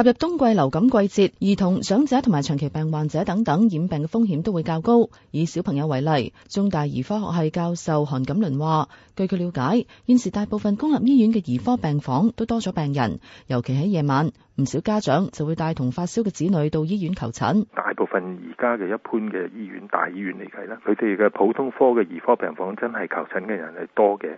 踏入冬季流感季節，兒童、長者同埋長期病患者等等染病嘅風險都會較高。以小朋友為例，中大兒科學系教授韓錦麟話，據佢了解，現時大部分公立醫院嘅兒科病房都多咗病人，尤其喺夜晚，唔少家長就會帶同發燒嘅子女到醫院求診。大部分而家嘅一般嘅醫院大醫院嚟睇，咧，佢哋嘅普通科嘅兒科病房真係求診嘅人係多嘅，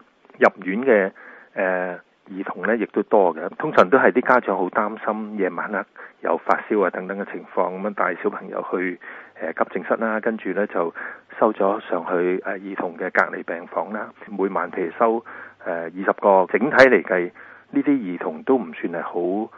入院嘅誒。呃兒童咧亦都多嘅，通常都係啲家長好擔心夜晚黑有發燒啊等等嘅情況，咁樣帶小朋友去誒、呃、急症室啦，跟住咧就收咗上去誒、呃、兒童嘅隔離病房啦、啊。每晚譬如收誒二十個，整體嚟計，呢啲兒童都唔算係好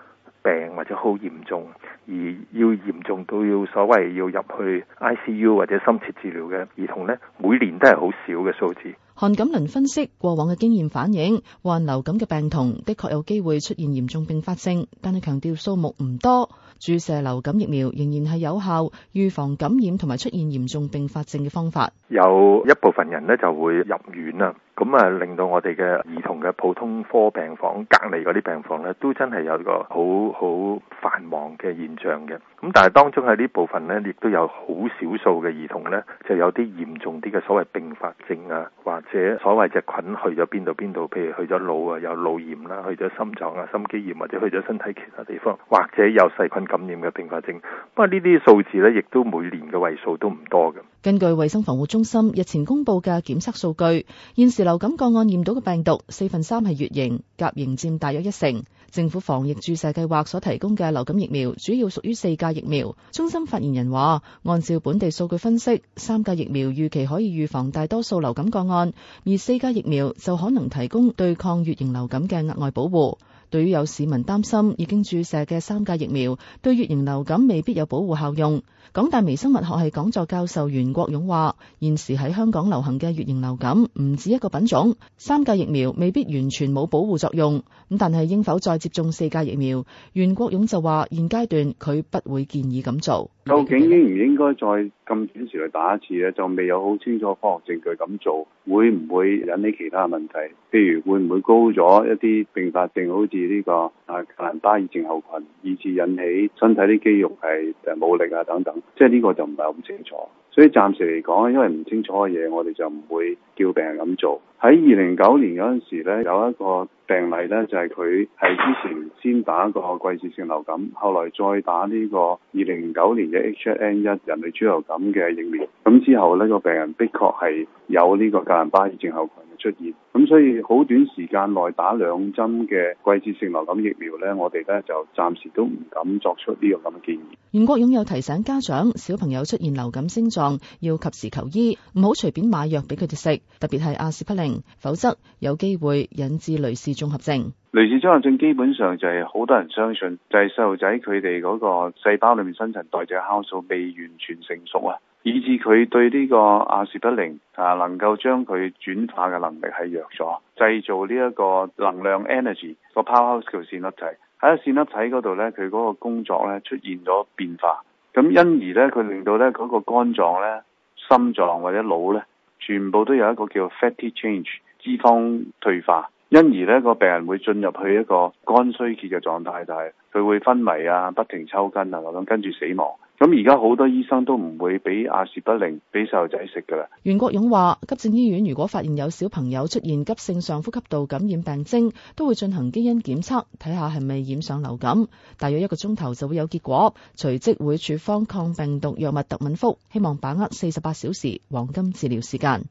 病或者好嚴重，而要嚴重到要所謂要入去 ICU 或者深切治療嘅兒童呢，每年都係好少嘅數字。韓錦麟分析過往嘅經驗反映，患流感嘅病童的確有機會出現嚴重併發症，但係強調數目唔多，注射流感疫苗仍然係有效預防感染同埋出現嚴重併發症嘅方法。有一部分人呢就會入院啦。咁啊，令到我哋嘅兒童嘅普通科病房、隔離嗰啲病房咧，都真係有個好好繁忙嘅現象嘅。咁但係當中喺呢部分咧，亦都有好少數嘅兒童咧，就有啲嚴重啲嘅所謂併發症啊，或者所謂隻菌去咗邊度邊度，譬如去咗腦啊，有腦炎啦，去咗心臟啊，心肌炎或者去咗身體其他地方，或者有細菌感染嘅併發症。不過呢啲數字咧，亦都每年嘅位數都唔多嘅。根據衛生防護中心日前公布嘅檢測數據，現時流感個案驗到嘅病毒，四分三係乙型，甲型佔大約一成。政府防疫注射計劃所提供嘅流感疫苗，主要屬於四價疫苗。中心發言人話，按照本地數據分析，三價疫苗預期可以預防大多數流感個案，而四價疫苗就可能提供對抗乙型流感嘅額外保護。對於有市民擔心已經注射嘅三價疫苗對乙型流感未必有保護效用，港大微生物學系講座教授袁國勇話：現時喺香港流行嘅乙型流感唔止一個品種，三價疫苗未必完全冇保護作用。咁但係應否再接種四價疫苗？袁國勇就話：現階段佢不會建議咁做。究竟應唔應該再咁短時去打一次咧？就未有好清楚科學證據咁做，會唔會引起其他問題？譬如會唔會高咗一啲併發症，好似呢個啊格蘭巴爾症候群，以致引起身體啲肌肉係誒冇力啊等等，即係呢個就唔係咁清楚。所以暫時嚟講，因為唔清楚嘅嘢，我哋就唔會叫病人咁做。喺二零九年嗰陣時咧，有一個。病例咧就係佢係之前先打個季節性流感，後來再打呢個二零零九年嘅 H1N1 人類豬流感嘅疫苗，咁之後呢個病人的確係有呢個格蘭巴爾症候群。出現咁，所以好短時間內打兩針嘅季節性流感疫苗呢，我哋咧就暫時都唔敢作出呢個咁嘅建議。袁國勇又提醒家長，小朋友出現流感症狀，要及時求醫，唔好隨便買藥俾佢哋食，特別係阿士匹靈，否則有機會引致雷氏綜合症。類似張亞正基本上就係好多人相信，就係細路仔佢哋嗰個細胞裏面新陳代謝酵素未完全成熟啊，以至佢對呢個亞士德靈啊，能夠將佢轉化嘅能力係弱咗，製造呢一個能量 energy 個 powerhouse 叫線粒體，喺線粒體嗰度呢，佢嗰個工作呢，出現咗變化，咁因而呢，佢令到呢嗰個肝臟呢、心臟或者腦呢，全部都有一個叫 fatty change 脂肪退化。因而呢個病人會進入去一個肝衰竭嘅狀態，但係佢會昏迷啊，不停抽筋啊，咁跟住死亡。咁而家好多醫生都唔會俾阿士匹靈俾細路仔食㗎喇。袁國勇話：急症醫院如果發現有小朋友出現急性上呼吸道感染病徵，都會進行基因檢測，睇下係咪染上流感。大約一個鐘頭就會有結果，隨即會處方抗病毒藥物特敏福，希望把握四十八小時黃金治療時間。